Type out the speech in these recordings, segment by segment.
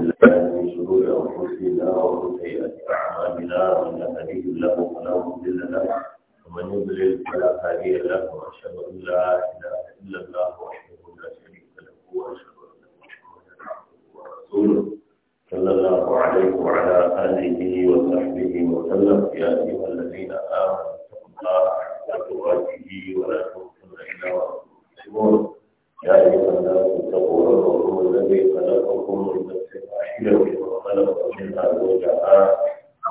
بالله من شرور أنفسنا ومن سيئات أعمالنا من يهده الله فلا مضل له ومن يضلل فلا هادي له وأشهد أن لا إله إلا الله وحده لا شريك له وأشهد أن محمدا عبده ورسوله صلى الله عليه وعلى آله وصحبه وسلم يا أيها الذين آمنوا اتقوا الله حق ولا تموتن إلا وأنتم مسلمون يا أيها الناس اتقوا ربكم الذي خلقكم من نفس واحدة وخلق منها زوجها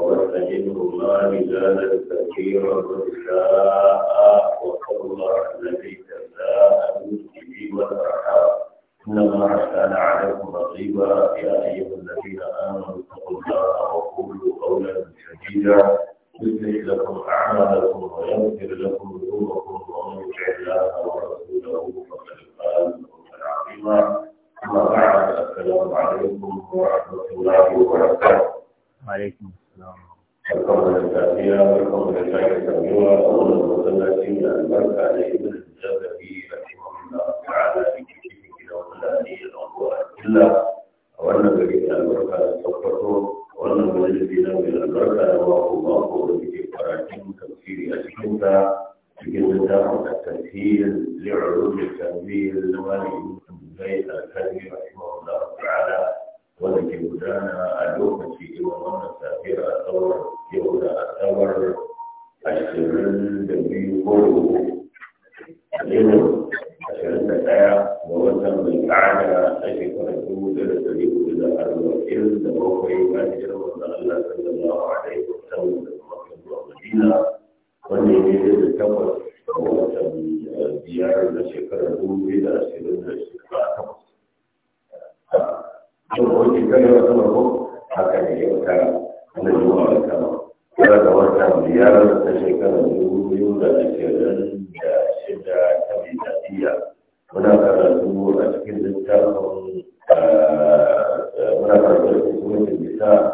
وبث منهما رجالا كثيرا ونساء واتقوا الله الذي تساءلون به والأرحام إن كان عليكم رقيبا يا أيها الذين آمنوا اتقوا الله وقولوا قولا سديدا يصلح لكم أعمالكم ويغفر لكم ذنوبكم ومن يطع الله ورسوله فقد العظيمة أما بعد السلام عليكم ورحمة الله وبركاته. وعليكم السلام. الحمد لله والحمد لله كثيرا أولا وصلنا سيدنا المركة عليه من الجزء رحمه الله تعالى في كتابه وملانيه الأنوار إلا وأن بقيت المركة تفكروا وأن بقيت المركة رواه الله وبقيت فراتين تفسير أشكتها في وزارة التسهيل لعلوم التنبيل والي زي الكلبي رحمه الله تعالى ولكي بدانا اليوم في إمامنا سافر أثور يولى أثور أشترن دبي قلوه اليوم أشترن تتايا ووزن بالقعدة أشي فرسول لتريد إلى الوكيل دبوكي ما يجرم الله صلى الله عليه وسلم وفي المدينة wanda ya daidai da takwas ga watan eh, biyar da shekarar dubu biyu da ashirin da shekara takwas. Yau ko shekarar yau ta mako haka ne yau ta na zuwa kama. tara da wata biyar da shekarar dubu biyu da ashirin da shida ta miladiya. Muna karatu a cikin littafin eh, eh, muna karatu a cikin littafin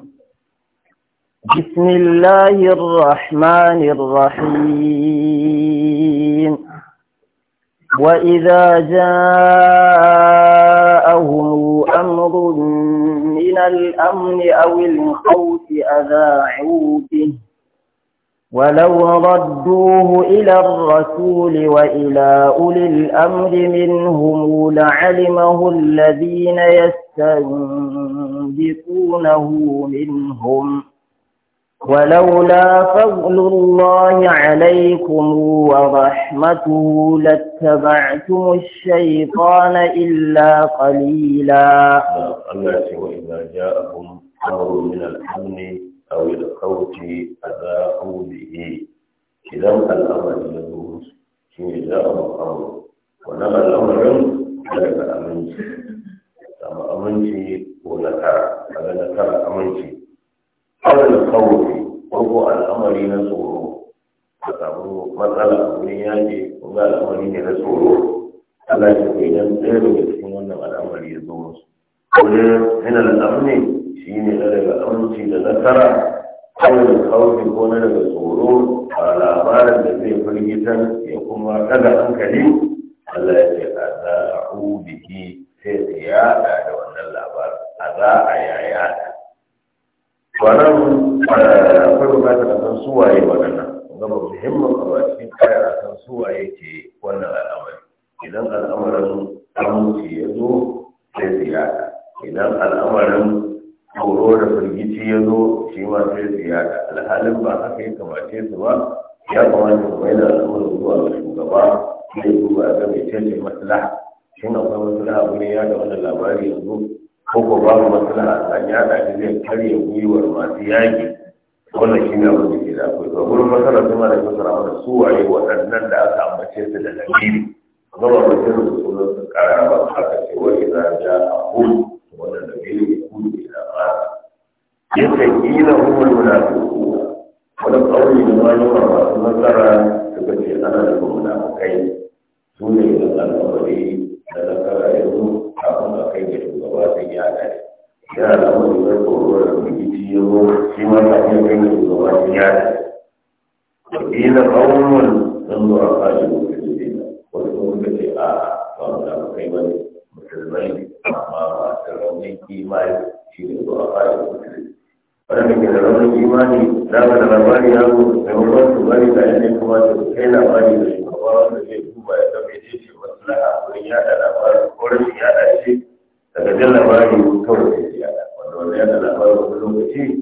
بسم الله الرحمن الرحيم وإذا جاءهم أمر من الأمن أو الخوف أذاعوا به ولو ردوه إلى الرسول وإلى أولي الأمر منهم لعلمه الذين يستنبطونه منهم ولولا فضل الله عليكم ورحمته لاتبعتم الشيطان إلا قليلا الناس وإذا جاءهم أمر من الأمن أو الخوف أذاعوا به إذا الأمر يجوز في جاء الأمر ونما الأمر ذلك أمنتي أما أمنتي ونكر فلا نكر أمنتي awal kawai ko al'amari na tsoro a samu matsala a wurin yaƙi ko ga al'amari ne na tsoro Allah ya ce idan ɗaya daga cikin wannan al'amari ya zo musu ko ne yana da amne shi ne na daga aminci da nasara awal kawai ko na daga tsoro a labarin da zai firgitan ya kuma ɗaga hankali Allah ya ce a za a za'a'u biki sai ya da wannan labarin a za a yaya wannan eh, akwai bukatar a san suwaye magana, gama muhimmin abu a cikin kaya a san suwaye ke wannan al'amari idan al'amarin aminci ya zo sai ziyara idan al'amarin tsoro da firgici ya zo shi ma sai ziyara alhalin ba haka ya kamace su ba ya kamata su mai da al'amarin zuwa ga shugaba zai duba ga mai ce maslaha shin akwai maslaha wani ya da wannan labari yanzu ko ko babu matsala a ya da zai karya gwiwar masu yaƙi wannan shi ne abin da ke da akwai ba gurin matsalar kuma da fasara mana su waye waɗannan da aka ambace su da dalili kuma ba mutum da sunan su ƙara ba aka ce wani za ja a hudu wannan dalili ne ku ne da ba yadda ƙila hukumar munafiku wani ƙauri da malama masu matsala suka ce ana da munafukai su ne da alƙawari da nasara yanzu kafin a kai da gabatin yara ne yara wani ya koro da rikici ya zo shi ma ta iya ganin shugabatin yara ne wakilin abubuwan sun zo a kashi mutum ne wasu kuma ka ce a ba mu da kai ba ne musulmai ne amma masu raunin kimani shi ne zo a kashi mutum wanda ke da raunin kimani na ga da labari ya zo da wani su bari da ne kuma su kai labari da shugaba wanda zai jalla ba ne kawai ya wanda wanda ya labarin wani lokaci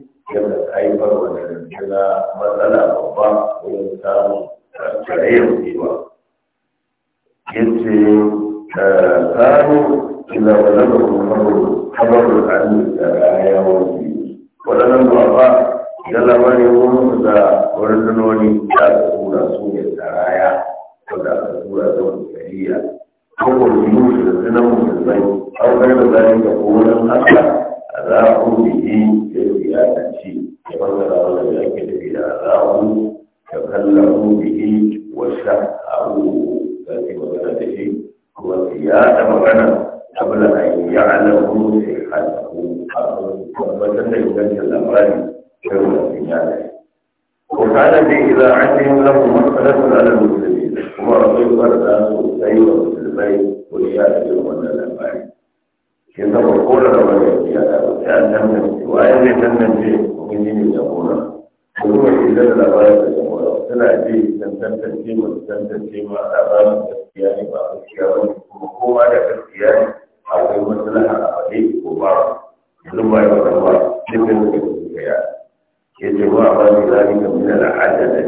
wannan ce mun yi ne jagora kuma mai da labarin da jagora suna ji san tantance mu tantance ma labarin gaskiya ne ba gaskiya ba ne kuma kowa da gaskiya ne akwai maslaha a faɗi ko ba yanzu ba ya wata ba dukkan da suka ya ya ce ba ba ne zani ga mina da adada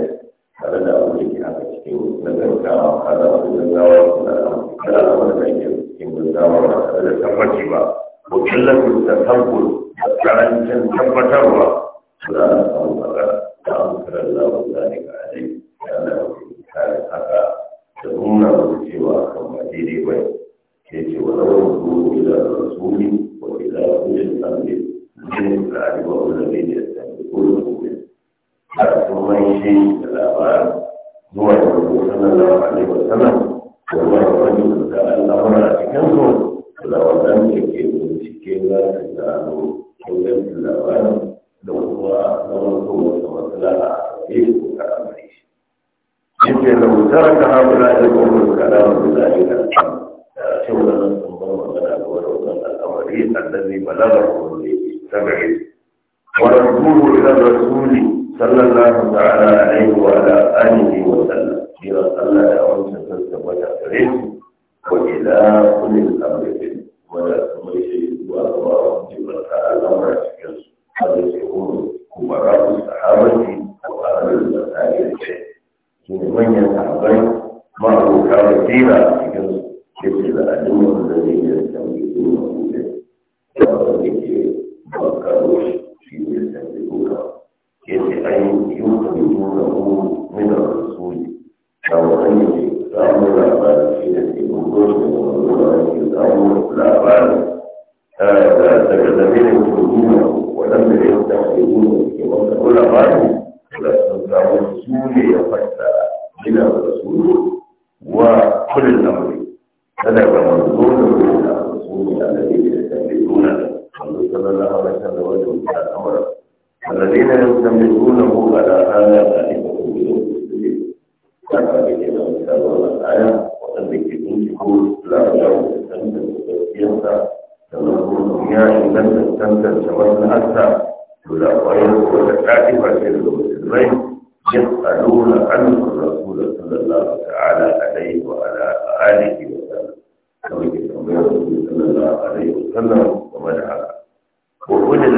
tare da abin da ke haka cikin na gaggawa kada wani gaggawa suna da wani kala wani da ke da gaggawa ba tare da tabbaci ba وقلة التقبل كعلم tabbatarwa suna da samun magana ta amfarar lamun zane ga alai ya na kare haka da nuna wasu cewa kan ba daidai ba ke ce wa zama mutu ila rasuli wa ila wajen zambe jin da arewa wani ne da zambe ko da kuma da sun mai shi da labarin zuwa yanzu sallallahu alaihi wasallam da wani wani da Allah mara cikin su na waɗanda ke bincike za su gano ingancin labarin da kuma zaman kuma da matsala a kai ko karamai shi. Yake da mutar ka haɗu na ɗin kuma karamai da ɗin da cin wannan sun bar magana ga wani wannan al'amari annabi da ko ne ta gare. Wa rasulu ila rasuli sallallahu ta'ala alaihi wa ala alihi wa sallam. Jiran Allah ya wancan sassa mata gare su. Wa ila kullin amri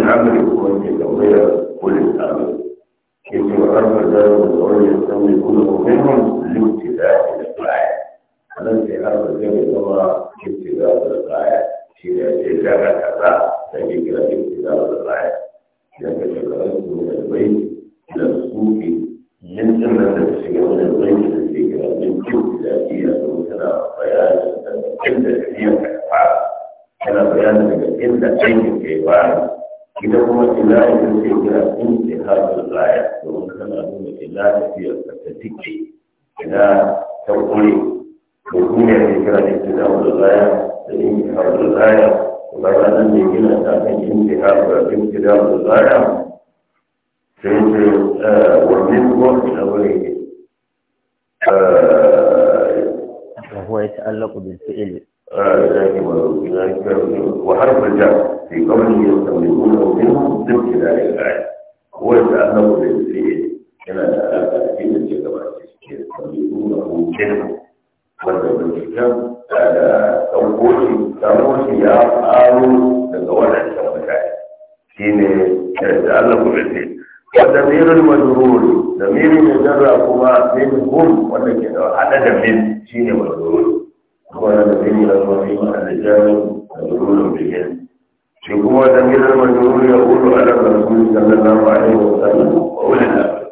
الأمر كنت جوية كل الأمر كيف يعرف ذلك الغرب يستوي كله منهم لابتداء الإقلاع أنا في هذا الجانب هو ابتداء الإقلاع إذا جاء كذا فذكر ابتداء الإقلاع إذا تشكرت من البيت إلى السوق من أن تشكر من البيت الذكر من جهد ذاتية وكذا بيان أن تبدأ هي كفاءة كان بيان أن تبدأ أي كفاءة ita kuma ila ita ce kira da gaya domin kana nuna ila tafiyar ka ta tike ila ta kure ko kuma ya kira intihadul gaya da intihadul gaya ba za nan ne gina ta kan intihadul intihadul gaya sai ta eh, wani kuma ina wani ne وهو يتعلق بالفعل وحرف الجر في قوله يستملكونه منهم ضد ذلك الآية هو يتألق بالفعل هنا في الجواب يستملكونه منه وهذا الكتاب توقوشي توقوشي يا قالوا لقوانا الشمسات حين يتألق بالفعل وضمير المجرور ضمير يجرى كما منهم ولكن عدد من شين مجرور الرجال مجهول بهن شكوى تميل المجهول يقول على الرسول صلى الله عليه وسلم وأولى الأمر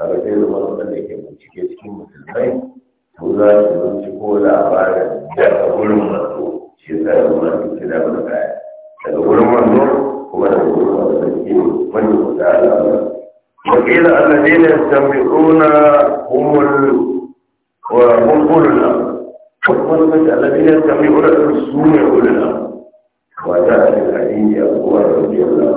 هذا كيف مرة ذلك من شكيت كم مسلمين وذلك من شكوى الأعبار يقول المنصور شيء المنصور كتاب الآية يقول المنصور هو يقول المسلمين من تعالى وقيل الذين يستمعون هم وهم أولو الأمر wani mace alladina ya sami wurin su ne wurin wa za a yi hadisi a kowa da rabiyar lafiya ya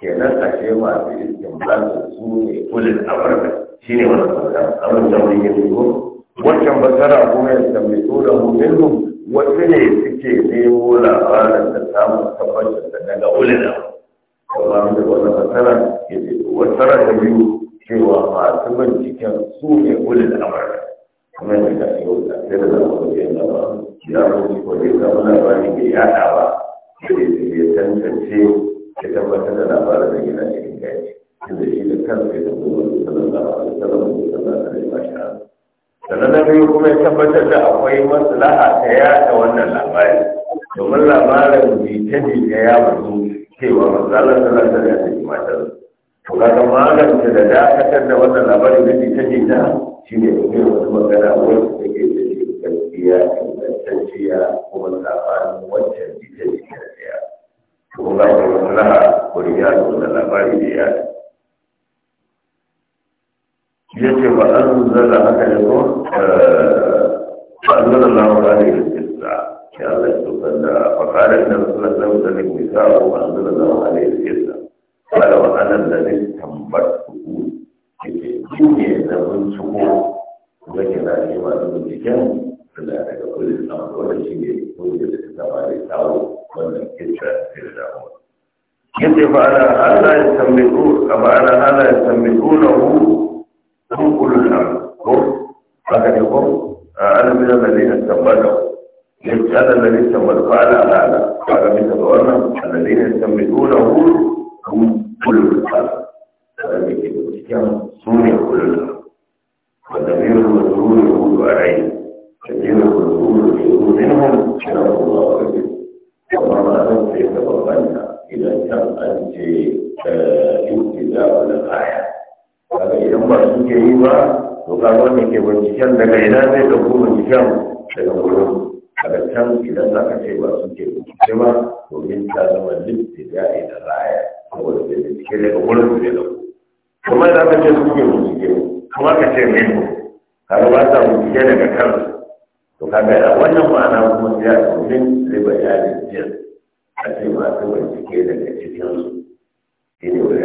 kenan a ce masu iskin basu su ne kulin abarba shi ne wani sauran abin da wani yi fito wancan basara kuma ya tambayi da mu minhum wasu ne suke nemo labarin da samun tabbacin da daga ulina kuma da wani basara ya ce wasara ta biyu maslaha ta yada wannan labari domin labarin jita-jita ya bazu cewa matsalar tana ta da matar to kaga magance da dakatar da wannan labari na jita-jita shi ne mutum wasu magana wanda ke da shi gaskiya ingantacciya kuma labarin wancan jita-jita da ya to ga wani maslaha wurin yada wannan labari da ya ya ce ba an zala haka ne ko eh, فأنزل الله عليه الجزاء يا الله يتوفى فقال إن رسول الله صلى الله عليه وسلم وأنزل الله عليه الجزاء قال وأنا الذي استنبطته shine na binciko da ke na shi masu binciken suna daga kudin samun wanda shi ne kudin da ta zama da kawo wannan kirkira da da damuwa. Yadda ba ana ya tambayo a ba ana ala ya tambayo na hu ko haka azumi na da lina tambata ne kada da lina tambata ba ala ala ala ba ga mita ba wannan da lina tambata na hulu a mu kulu da tsara da da ke da cikin su ne kulu da wanda ne da kuma su ne kulu a rai da ne da kuma su ne kulu da ne hulu da na kuma ba wa ne amma ba a san sai ta babban ta idan can an ce yin tijabu na kaya. Kaga idan ba su ke yi ba, to ga wani ke binciken daga ina zai ɗauko binciken daga wurin daga can idan za ka ce ba su ke bincike ba domin ta zama lifti da ya da raya wani da bincike daga wurin da zai ɗauko kuma za ka ce su ke bincike kuma ka ce mai ko har ba sa bincike daga kansu to a wannan ma'ana kuma ya domin ba ya bincike a ce masu bincike daga cikin cikinsu shi ne wuri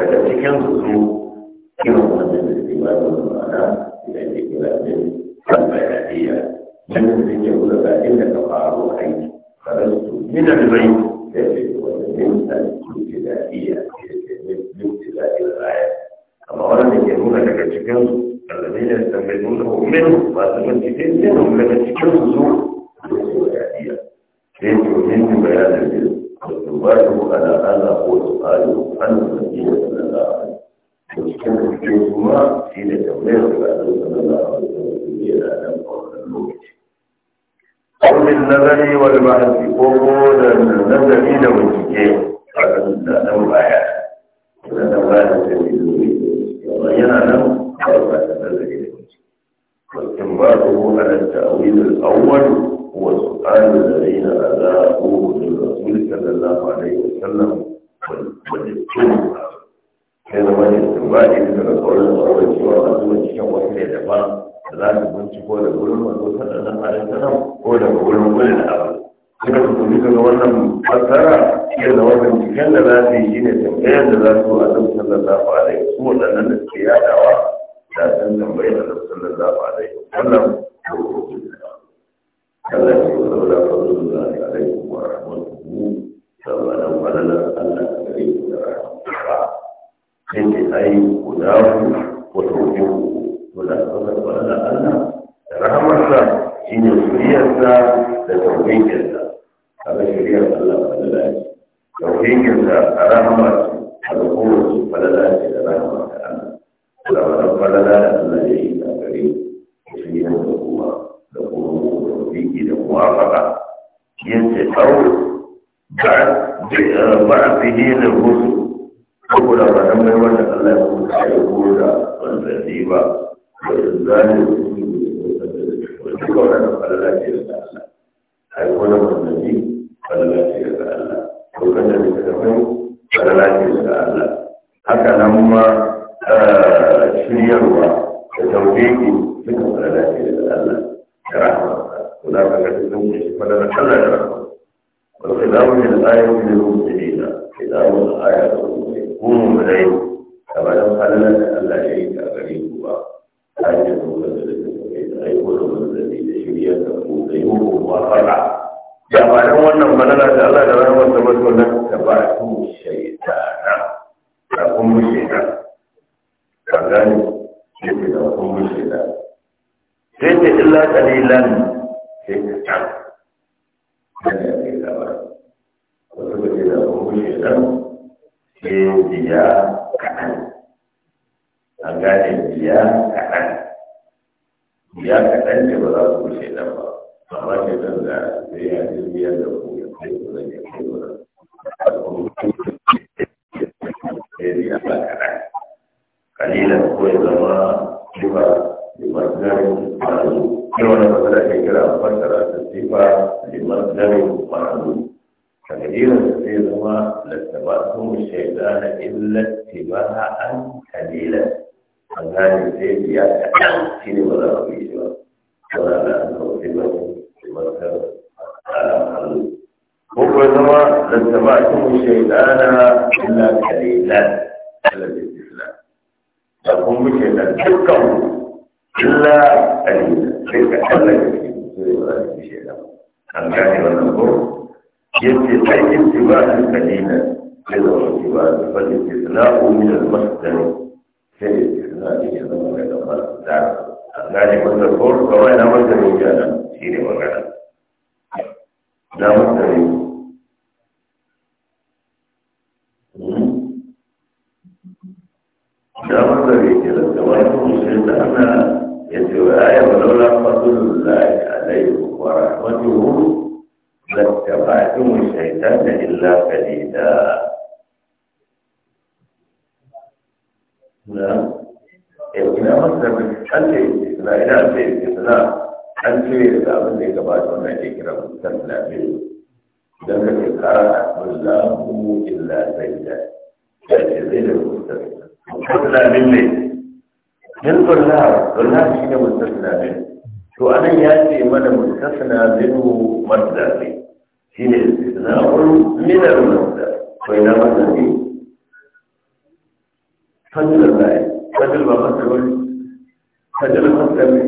daga cikin su irin wannan da الإمام المعنى إلى الكلام البياتية لأن في يقول فإنك قارو أي خرجت من البيت يجب ومن الابتدائية من ابتداء الغاية أما أولا يجبون لك تكون الذين يستنبطونه منهم ما تمسكين منهم لما تكون كيف يمكن بيان الجنس والواجب على هذا هو سؤال عن الذين صلى cikin cikin kuma shi ne tambayar da ba zai zama da wani yana nan a wannan lokaci. Ƙaunin nazari wani bahasi ko ko da nazari da bincike a kan da nan baya. Da nan baya da zai zai yana nan a wata nazari da bincike. Wakin ba su ala ta'awilul awwal wa su'alu alladhina azaahu min rasul sallallahu alaihi wasallam wal wal ba ne bisa ga tsoron tsoron cewa masu binciken wasu ne daban da za su binciko da gurin masu sanannan halin sanar ko daga gurin gurin abu suka fito bisa ga wannan fassara iya da wannan cikin da za su yi shi ne tambayar da za su a duk sallallahu alaihi su waɗannan da suke yadawa da san tambayar da sallallahu alaihi wannan Allah ya yi wa Allah ya alaikum wa rahmatuhu sallallahu alaihi wa sai ce ai guda ku wato biyu to da sauran wanda Allah da rahamarsa shi ne shiriyarsa da tauhikinsa kaga shiriyar Allah falala ce tauhikinsa a rahama ce a rukunin falala ce da rahama ta Allah da wannan falala da Allah ya yi ta gare shiriyar da kuma da kuma taufiki da muwafaka yace au ba ba fi hilin rusul saboda ba dan mai wanda Allah ya kuka ya koda wanda ne ba wanda zani duka wanda falala ce da Allah ai wani manzanni falala ce da Allah to kada ne ka mai falala ce da Allah haka nan ma shiryarwa da tauhidi duka falala ce da Allah da rahama to da ka ga dukkan shi falala Allah da rahama والخلاف من الآية من المسلمين خلاف الآية لا دليلا وما لاتبعتم الشيطان إلا قليلا على الإسلام لكم الشيطان تبكم إلا قليلا ليس حلا الشيطان أن كان ونذكر يتبع اتباعا قليلا لذا اتباع فالاستثناء من المصدر في الاستثناء يظن هذا الخلق gane masa kawai na masa ne gana shi ne magana na masa ne da wanda ne ke da wani musulun da ana ya ce wa ya wa laula fadlul lahi alayhi wa rahmatuhu lattaba'tum da illa qalila na eh, ina masa da kalle na ina ce na an ce da abin da ya gabata wannan ke kira musulun lafiya idan ka ce kara lahu illa da, ya ce zai da musulun mustaqla abin ne min qurna qurna shi ne mustaqla to anan ya ce mana mustasna min madda ne shi ne istisna'un min al-madda ko ina madda ne fadl al-ba'i fadl ba fadl ba fadl fadl ne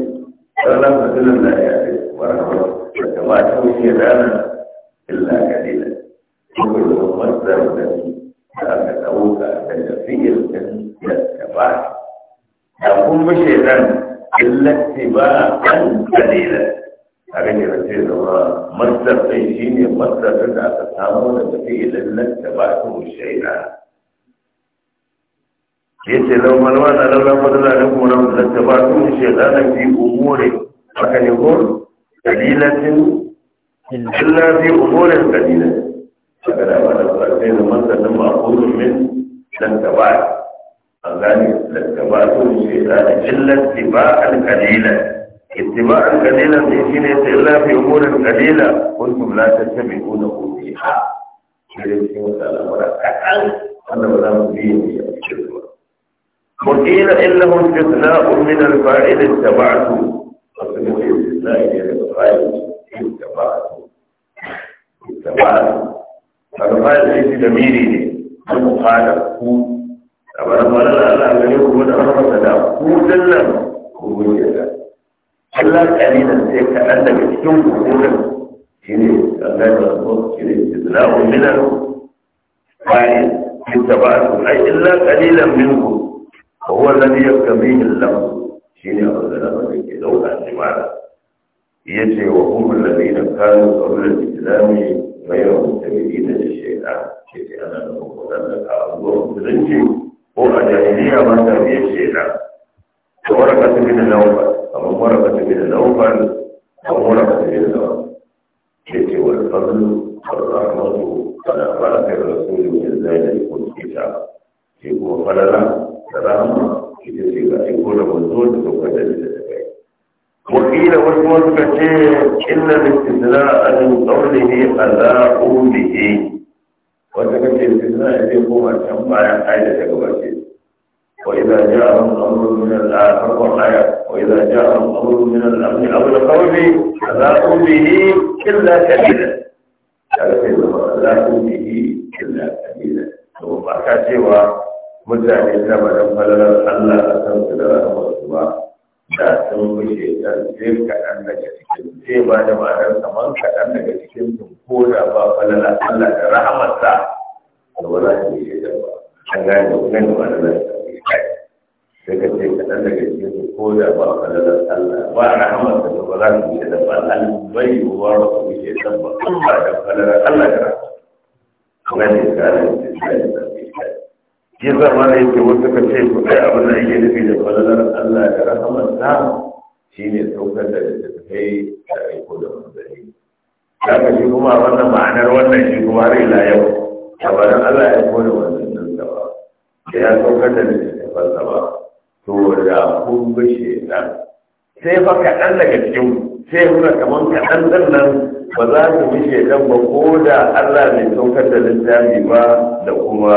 ranar fadl al-ba'i a ce wa rahmatullahi wa barakatuh ya ranar illa kalila ko madda ne za ka ɗauka daga fi'il ɗin lattaba da kuma shaidan illattaba ɗan kalila kaga ne da sai zama masdar ɗin shi ne masdar da aka samu daga fi'ilin lattaba ɗin shaida yace lau malama na lau lafa da zanen kuma na lattaba ɗin shaida na fi umure haka ne ko kalilatin illa fi umurin kalilatin daga da wani kwarfe da masanin min dan gaba an gane gaba sun ce da illar tiba alkalila ittiba alkalila ne shi ta illa fi al kalila kuntum la tattabi'una fiha shi ne cikin wata al'amura kaɗan wanda ba za mu biye mu yi a cikin ruwa وقيل إنه استثناء من الفاعل اتبعته فصنع استثناء من الفاعل اتبعته اتبعته alfahari sai su da miri ne ta kuka da ku a bana bana da Allah gani ku da rahmata da ku dinnan ku gode da Allah kalilan sai kaɗan daga cikin ku gudun shi ne Allah ya rasu shi ne islamu minan bayan in tabatu ai illa qalilan minkum wa huwa alladhi yaktabihi lahu shi ne Allah da ke dauka limana yace wa ummul ladina kanu qabla al-islami ghayra mutabi'ina shay'an yace ana da kokarin da abuwa musulunci ko a jahiliya ba ta biye shay'an to waraka ta bin naufa amma waraka ta bin naufa amma waraka ta bin naufa yace wal fadlu ar-rahmatu ala barakir rasuli min zaidi kun kitab ke kuma falala da rahma ita ce ga aiko da manzo da kuma da wakila wasu wasu ka ce illa listidra an qawlihi ala ummihi wata ka ce listidra ya ce koma can bayan aida daga bace wa idza ja'a amrun min al-akhir wa aya wa idza ja'a amrun min al-amn aw al-qawli ala ummihi illa kalila kaga sai zama ala ummihi illa kalila to ba ka cewa mutane ta ba dan falalar Allah a kan su da rahmatu ba da sun wuce da zai kaɗan daga cikin zai ba da ma'anar kamar kaɗan daga cikin sun ko da ba falala Allah da rahamarsa da ba za su yi da ba an gane da wani ma'anar da ta yi kai sai ka ce kaɗan daga cikin sun ko da ba falala Allah ba rahamarsa da ba za su yi da ba Allah bai yi wa ba su yi shaidar ba ba da falala Allah da rahamarsa. Wani ne ka ne da shi yasa mana yake wasu ka ce ku kai abin da yake nufi da falalar Allah ya da shi ne saukar da littattafai da aiko da manzanni haka shi kuma wannan ma'anar wannan shi kuma har ila yau tabarin Allah ya kone manzannin sa ba sai ya saukar da littattafan sa ba to da kun ga shedan sai fa kaɗan daga cikin sai kuna kamar kaɗan ɗin nan ba za su bi shedan ba ko da Allah bai saukar da littafi ba da kuma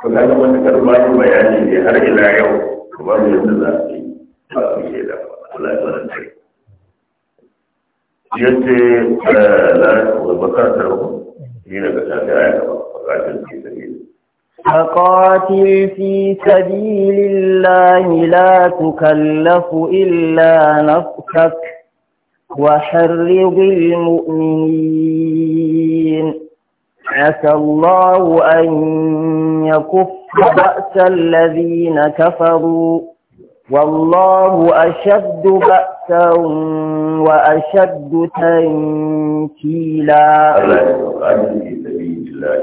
ko ga wani bayani ne har ila yau ko ba mu za su yi ba su da ya bada kai yace eh, la bakar da ku ni daga tafi aya ki فقاتل في سبيل الله لا تكلف إلا نفسك وحرض المؤمنين عسى الله أن يكف بأس الذين كفروا والله أشد بأسا وأشد تنكيلا لا يقال في سبيل الله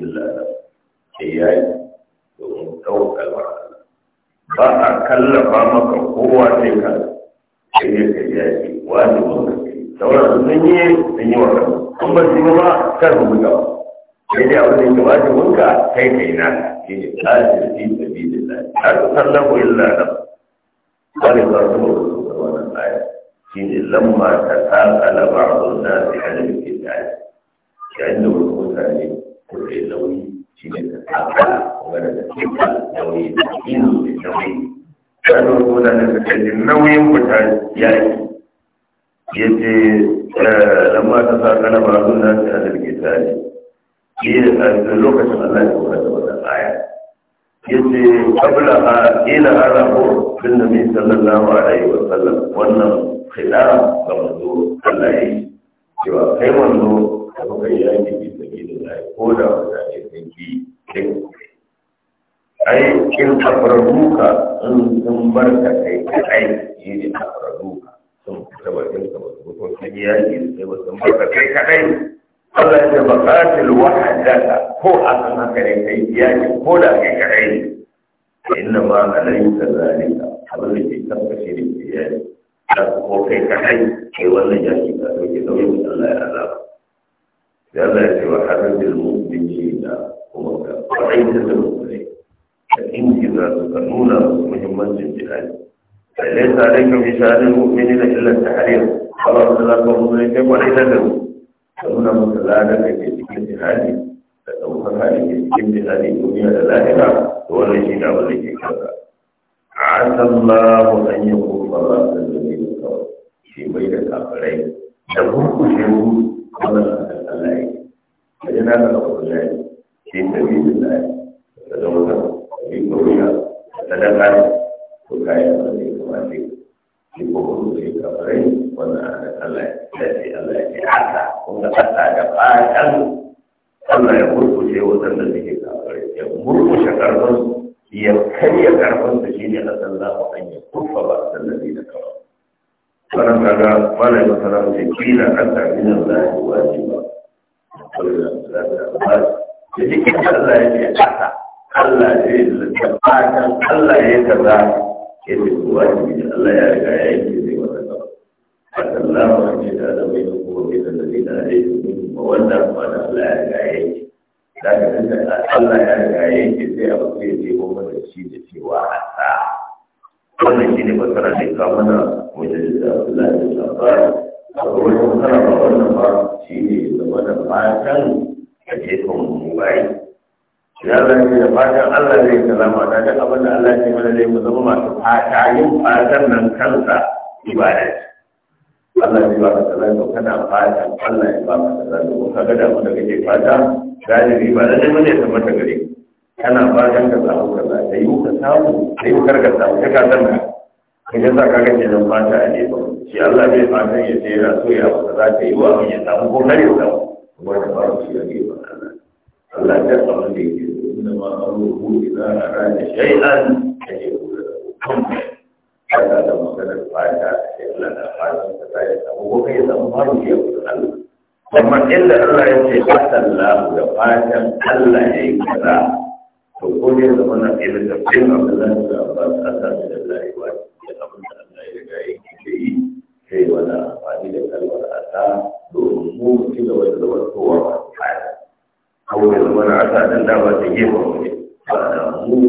لا إلا ba a kallafa maka kowa sai ka sai ya ka yaji wani wani sauran sun yi sun yi wa kansu in ba su yi ba kar ku buga ba sai dai abin da ke wajibin ka kai kai na shi ne tsarin fi sabilillah la tusallamu illa nafs wani ba su ba su da wannan aya shi ne lamma ta saqala ba'dun nas ala al-kitab yayin da wasu mutane kurai nauyi shi ne ta saqala wanda da kitab nauyi da inu da nauyi sanin mutane da kajin nauyin mutane yayi yace lamma eh, ta sa kana ba sun da ta da ke tare shi da lokacin Allah ya kula da wannan aya yace qabla a ila arabu bin nabi sallallahu alaihi wa sallam wannan khilaf ga manzo Allah ya yi cewa kai manzo da kuka yi yaki bi sabilillah ko da wanda ne sun ki ai in afraduka in sun barka kai kai yi ne afraduka sun fita bakin ka ba su mutum sun yi yaƙi sai ba sun baka kai kaɗai Allah ya ce ba katil wahadaka ko a kan haka ne kai yaƙi ko da kai kaɗai inna ma alayka zalika abin da ke tabbashi da ke yaƙi ko kai kaɗai kai wannan yaƙi ka ɗauke nauyin Allah ya azaba sai Allah ya ce wa hadabil mu'minina kuma ka ƙwarai da mu'minai ka inji za su ka nuna musu muhimmancin jihadi ليس عليكم بشأن المؤمنين إلا التحرير خلاص لا تظلمكم ولا تذلوا فهنا مسلانة في cikin jihadi da ɗaukar hali ke cikin jihadi duniya da lahira da wannan shi da wanda ke kaza asallahu an yi kufa ba da zai da kawai shi mai da kafirai da kurkushe mu wannan Allah ya yi da shi da da وكاية ذلك واجب يقول ذلك فرين وانا الله الذي الله يعطى ونقطع جبعاك Allah ya murkushe waɗanda suke kafare ya murkushe karfansu ya karya karfansu shi ne a sallahu an ya kufa ba a sallabi da kawo wannan kaga wala ya masana ce kila an tafi nan za a yi waji ba da cikin Allah ya ce kasa Allah ya yi lalata Allah ya kaza ya ce kuwa ne Allah ya riga ya yi ne wata gaba fasallahu an yi da zama yin kuma bai da zai da zai yi ma wanda kuma da Allah ya riga ya yi da ka tunda ala ya riga ya yi sai a mutu ya ce ko mana shi da cewa hasa wannan shi ne masana ne kawo mana wajen da Allah ya shafa a wani masana ba wannan ba shi ne zama da fatan a gefen mu bayi ya zanci da fatan Allah zai salama ta duk abin da Allah ke mana zai mu zama masu fata yin fatan nan kansa ibada ce Allah zai ba ka salama kana fatan Allah ya ba ka salama ko kaga da wanda kake fata galibi ba da mun ne ta gare kana fatan ka samu kaza da yi ka samu da yi kar ka samu ka san ka ka yasa ka ga ke fata a ne ba shi Allah bai fatan ya tsira so ya ba za ka yi wa ya samu ko kare samu wanda ba shi ya ba aiwatar abin da yake inda ma amurku idan a rana shai'an a ke kula da kuma fata da maganar fata a ce Allah fata ka ta yi samu ko kai samu faru ya kusa Allah amma inda Allah ya ce fatan lahu da fatan Allah ya yi kaza to ko ne zama na ilimin da kuma abin da ya ba ta da Allah ba ta yi ba wani ba da mu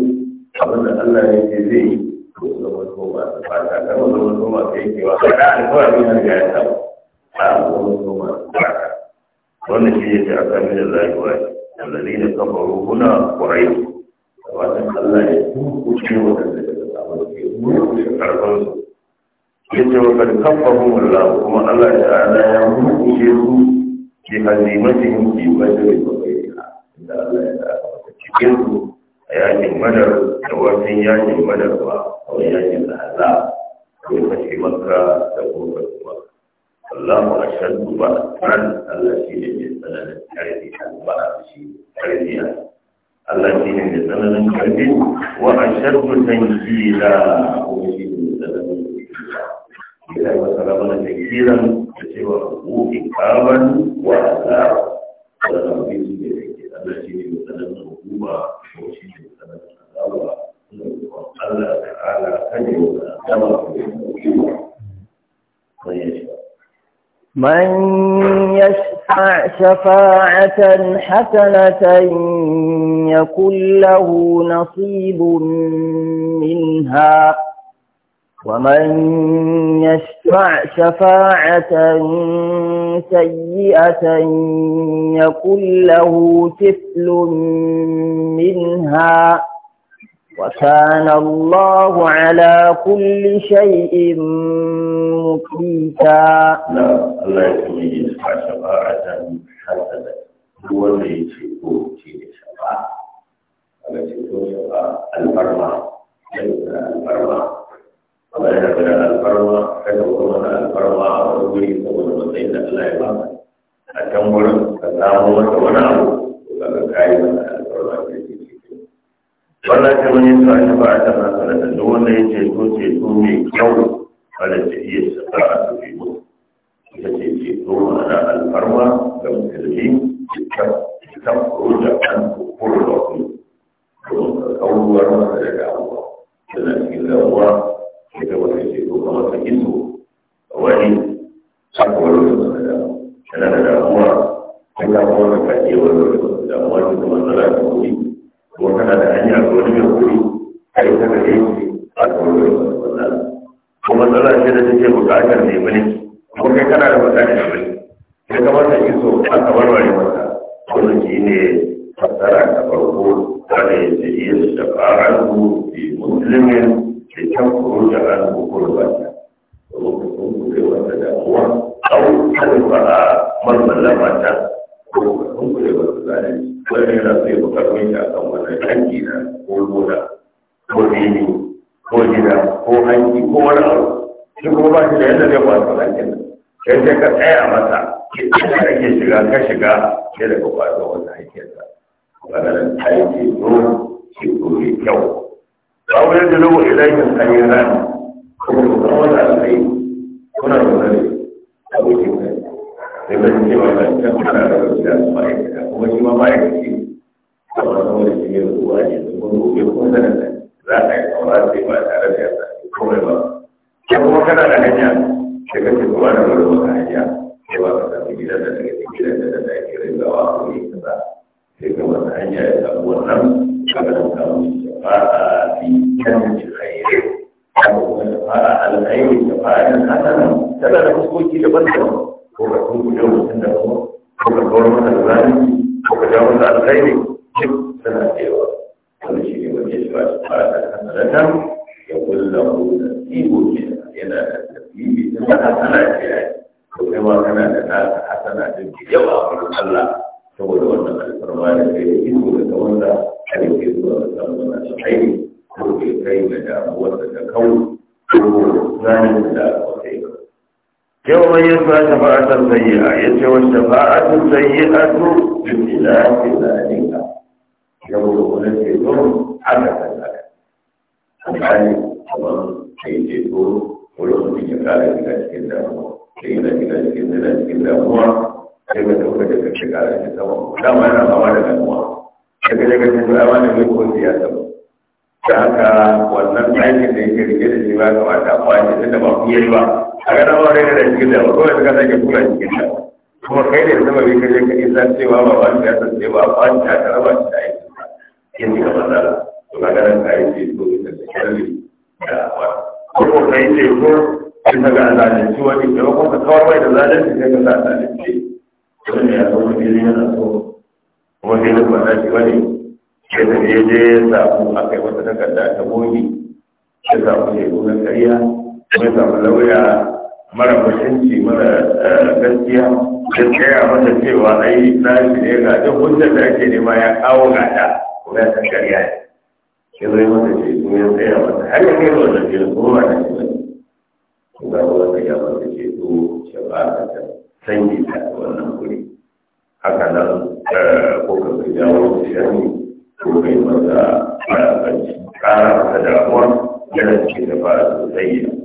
abin da Allah ya ke zai yi ko zama ko ba su ta kan zama ko ba su yankewa ba da alkawari har ga ya samu ba a zama ko ba su ta wannan shi ne ta akami da rayuwa الذين ta هنا قريب وأن الله يكون كل وكذلك karfansu ya ce wa karkafa humulla kuma Allah ta'ala ya mutu su ke hazimacin kimanin da Yanzu a yakin madar da wasu yakin madar ba a wani yakin da haza ko kashe maka da kuma kuma Allahu ashadu ba ran Allah shi ne mai tsananin karfi ba a shi karfi Allah shi ne mai tsananin karfi wa a shan ashadu tankila ko shi ne mai tsananin karfi. Ila yi masa ramana tankilan da cewa hukin kaban wa azaba من يشفع شفاعة حسنة يكن له نصيب منها ومن يشفع شفاعة سيئة يكن له كفل منها وكان الله على كل شيء مقيتا لا الله يسمي شفاعة حسنة هو الذي يشفوه في شفاعة التي تشفى البرمة البرمة ولا يقبل البرمة فيقول البرمة ويقول يقول مثلا الله يبارك أتمر فتامر ونعم وكان كائنا البرمة wannan ta wani sa shi ba a ta sanata, duk wanda ya ce ceto mai kyau wanda ta iya shafa a su ita ce to ma'ana alfarma ga musulmi de cikin da ko da ka sake kula cikin kuma kai ne sama bai kaje ka isa cewa ba ba ya san cewa ba ta ta raba shi da aiki kin ga matsala to ga ka yi ce to da sharri da wa ko kai ce ko ka ga Allah ne wani da ko ka kawar mai da zalunci sai ka sa zalunci to ne ya zo ne yana so kuma sai ba da shi wani ke da je je samu akai wata takarda ta bogi sai samu ne ko na kariya sai samu lauya mara mutunci mara eh, gaskiya da tsaya masa cewa ai shi ne ga duk hujjar da ake nema ya kawo gata ko ya san karya ne shi zai masa ce kuma ya tsaya masa har ya kai wannan filin kuma ba na shi ne. ne ga wanda ya masa ce to ce ba ka ta sanyi ta wannan kuri haka nan eh, ko ka ga shi shani ko kai masa ƙara masa damuwa yana cikin da ba sosai yi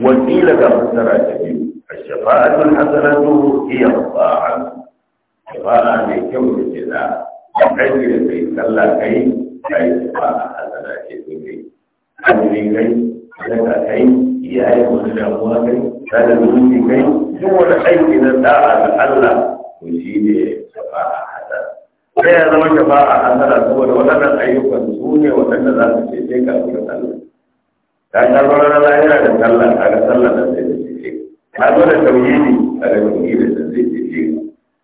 wakila ga fassara ta biyu a shafa'atul hasanatu iya ba'a shafa'a mai kyau da ke da kai da kai sallah kai kai shafa'a hasana ce su kai hajji kai sadaka kai iyaye wani damuwa kai da zuci kai duk wani aiki na da'a ga Allah to shi ne shafa'a hasana sai ya zama shafa'a hasana saboda waɗannan ayyukan su ne waɗanda za su ce sai ka kuma sallah ta ta zama da lahira da sallah a ga sallah da zai ce ta zo da tauhidi a ga tauhidi da zai ce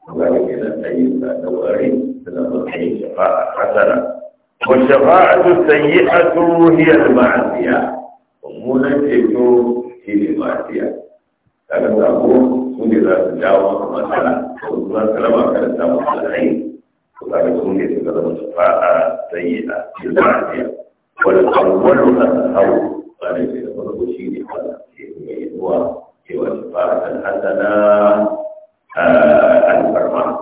ga ga ke nan ayyuka da wari da zama kai shafa'a hasana wa shafa'atu sayyi'atu hiya al-ma'siya mummunan ceto shi ne ma'siya kaga sako su ne za su jawo maka matsala ko za su raba ka da samun alheri وقال سوريا تقدم الشفاعة سيئة في المعصية والأول ƙwararri da farko shi ne fara sai kuma yi zuwa cewa shi fara kan alfarma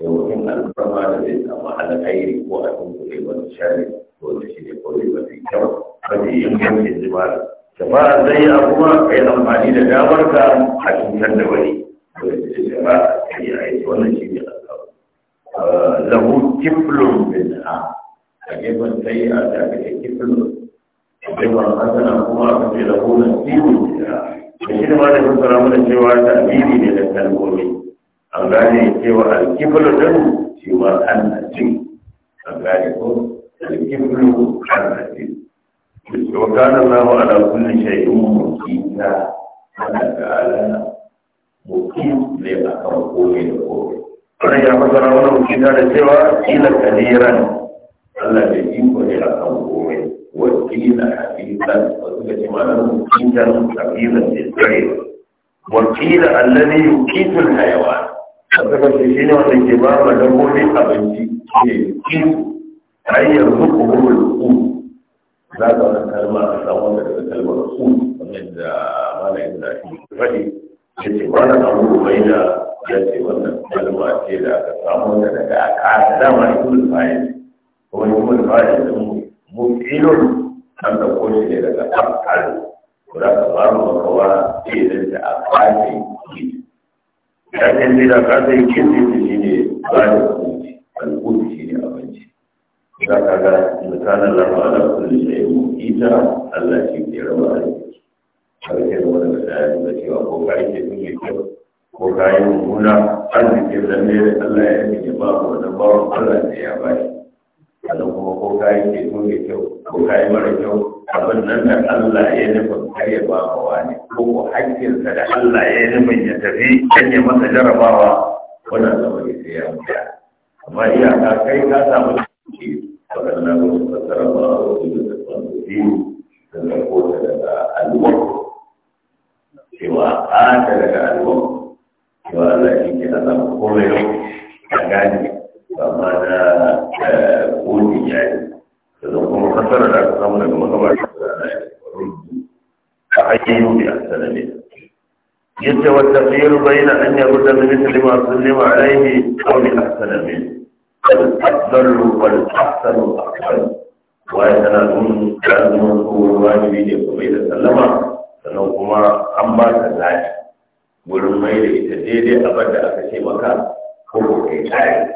da mutum zai samu alƙairi ko a tunkule wani shari ko da shi ne kawai mafi kyau mafi yankin jimara jama'a zai yi abuwa kai amfani da damar ka a cutar da wani ko da a yi wannan lahu kiplum minha a gefen sai a sai ba hasana kuma aka ce da hunan tiwo da shi da malamin fara mana cewa ta bibi ne da kalmomi an gane cewa alkiflu din shi ma an ci an gane ko alkiflu an ci wa kana Allahu ala kulli shay'in muqita Allah ta'ala muqim ne akan komai da komai wannan ya fasara wannan muqita da cewa ila kadiran Allah bai iko ne akan komai والتين حديثا وقيل معناه مقيتا كبيرا للسعير والتين الذي يقيت الحيوان فكما تشين وان الجماعة له لأبنتي يقيت أي يرزقه الوقوف ذات الكلمة أسامة الكلمة الرسول من ما لا يدرى فيه فدي يتبان الأمر بين يأتي وأن الكلمة تيلا أسامة لك أكاد ما يكون الفائد هو يكون الفائد mufilun an ɗauko shi ne daga afkalu kura ka ba mu makawa irin da a kasa yi kiti da shi ne ba da kuci shi ne abinci za ka ga mutanen lafa ala kullum da ya mukita allah shi ke raba arziki har sai da wani da ya nuna cewa ko yi ke mai kyau ko ka yi mummuna arzikin lalle Allah ya yi ba wa wani bawan Allah da ya bashi sannan kuma ko ka yi ke ko kyau ko ka yi mara kyau abin nan da Allah ya nufin kar ya ba wa wani ko ko hakkinsa da Allah ya nufin ya tafi kan ya masa jarabawa wannan zama ne sai ya mutu amma iyaka kai ka samu ciki waɗannan wasu fassara ba a wasu da tsantsi da zarkota daga alwar cewa ata daga alwar cewa Allah shi ke azama komai a gani ba ma na eh, kogin ya yi da zan kuma kasar da aka samu daga makamashin da ana yi ta ayyayin bi a sanane Yadda wa tafiyar bayyana an yaru da min lima sallima alaihi aw bi ahsana min afdalu wal ahsanu afdal wa yana dun kalmun ko wajibi ne ko mai da sallama sannan kuma an ba ta lafi Wurin mai da ita daidai abin da aka ce maka ko ko kai tare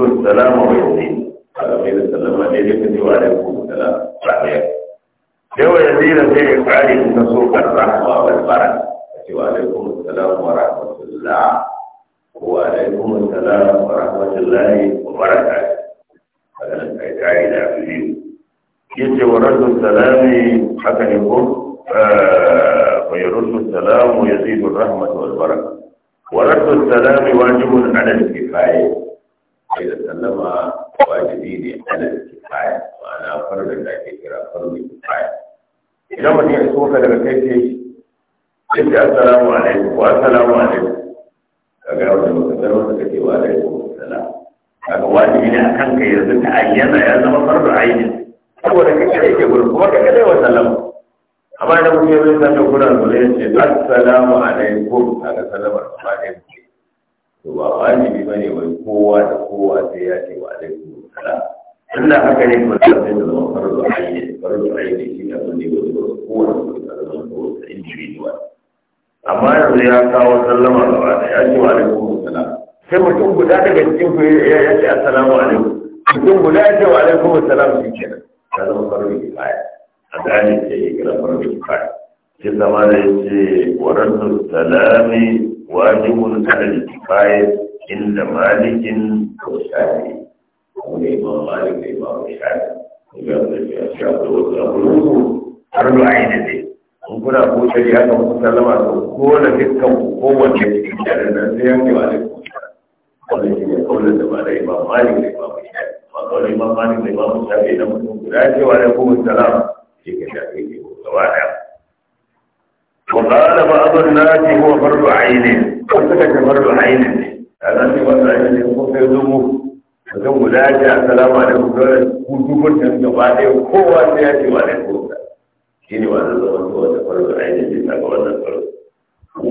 nosotros instalamos assalamu alaikum a ga salamar ba ɗaya muke to ba wajibi bane wai kowa da kowa sai ya ce wa alaikum salam inda haka ne kuma da zai zama farzu ayyuka farzu ayyuka shi ne abin da ya zo kowa da zama kowa individual amma yanzu ya kawo sallama ga da ya ce wa alaikum salam sai mutum guda daga cikin ku ya ce assalamu alaikum mutum guda ya ce wa alaikum salam shi kenan ya zama farzu kifaya a gane ce ya kira farzu kifaya sai zama da ya ce warannu salami wajibun alal kifaya inda malikin shafi wani imam malik da imam shafi ga da ya shafi wasu abubuwa har da aini ne in kuna ko shari'a kan ku sallama ka ko da dukkan kowanne cikin shari'a nan sai yanke malik wannan shi ne kaunar da ba da imam malik da imam shafi ba kaunar imam malik da imam shafi na mutum guda cewa da kuma salama shi ka shafi ne gaba daya وقال بعض الناس هو فرد عين فسكت فرد عين هذا في وضع يقول يذمه mutum guda ce assalamu alaikum dole ku dukkan da gaba ɗaya kowa sai ya ce wa alaikum salam shi ne wannan zaman zuwa da farko ainihin bisa ga wannan farko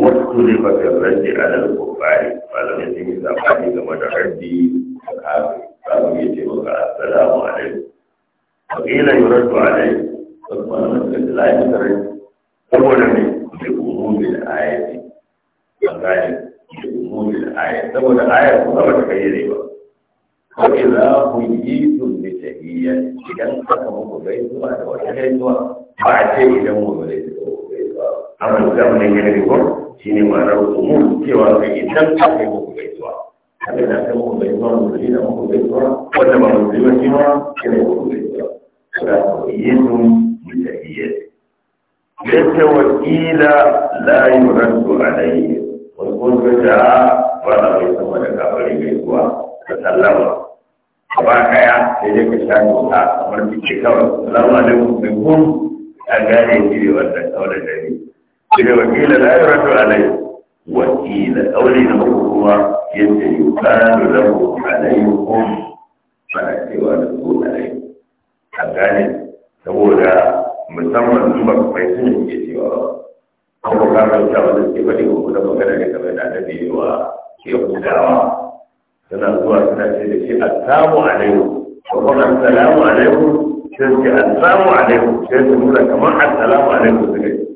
wasu ne fasar rage alal kufari malamai sun yi sabani game da harbi da ya lafiya umumin ayati an gane da ayati saboda ayar ku zama ta kayyade ba ko idza huyitum bi tahiyya idan aka muku zuwa, da wata zuwa ba a ce idan mu ne amma da mun yi ne ko shine ma'anar umum cewa idan aka yi bai zuwa kada da aka muku gaisuwa mu ne da muku gaisuwa wanda ba mu ji ba shi ma shine muku gaisuwa kada huyitum bi tahiyya yace wakila ila la yuraddu alayhi wa kun ta ba da mai sama da kafare mai kuwa ta sallama ba kaya sai dai ka sha nuna kamar kike kawai salamu da mai kun a gane shi ne wannan kawai da ni shi ne wakila la yuraddu alayhi wa ila kauli na hukuma yace yuqalu ko ba fara cewa da ku alayhi a gane saboda musamman su ba kai sun yi ke cewa ba ko ka ga ta wanda ke bari ko da magana ne kamar da annabi wa ke kudawa suna zuwa suna ce da shi assalamu alaikum ko kuma assalamu alaikum sai ce assalamu alaikum sai su nuna kamar assalamu alaikum su ne